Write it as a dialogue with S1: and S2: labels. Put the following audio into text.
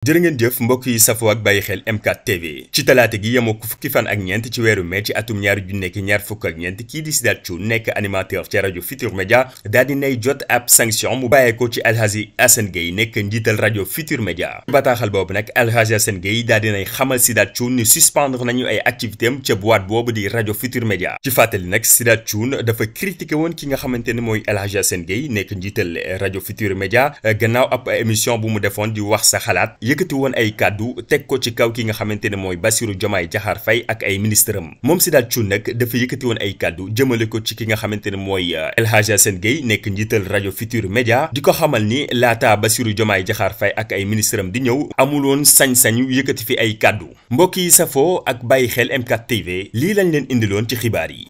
S1: jër ngeen jëf mbokk yi safoo ak bàyyi xel m TV ci talaata gi yemoo ko fukki fan ak ñeent ci weeru mai ci atum ñaari junne ki ñaar fukk ak ñeent di Sidath Thioune nekk animateur ci rajo Futur Media daal di nay jot ab sanction mu bàyyee ko ci Alhaji Assane Gueye nekk njiital rajo Futur Media bataaxal boobu nag Alhaji Assane Gueye daal di nay xamal Sidath Thioune ni suspendre nañu ay activité am ca boîte boobu di rajo Futur Media ci fàttali nag Sidath Thioune dafa critiqué woon ki nga xamante ne mooy Alhaji Assane Gueye nekk njiital rajo Futur Media gannaaw ab émission bu mu defoon di wax sa xalaat yëkkati woon ay kàddu teg ko ci kaw ki nga xamante ne mooy Bassirou jomaay Diakhar Faye ak ay ministre am moom Sidath Thioune nag dafa yëkkati woon ay kàddu jëmale ko ci ki nga xamante ne mooy euh, El seen Assane nekk njiital rajo Futur Média di ko xamal ni laata Bassirou Diomaye Diakhar Faye ak ay ministre am di ñëw amuloon sañ-sañu yëkkati fi ay kàddu mbokk yi safoo ak bàyyi xel M4 TV lii
S2: lañ leen indiloon ci xibaar yi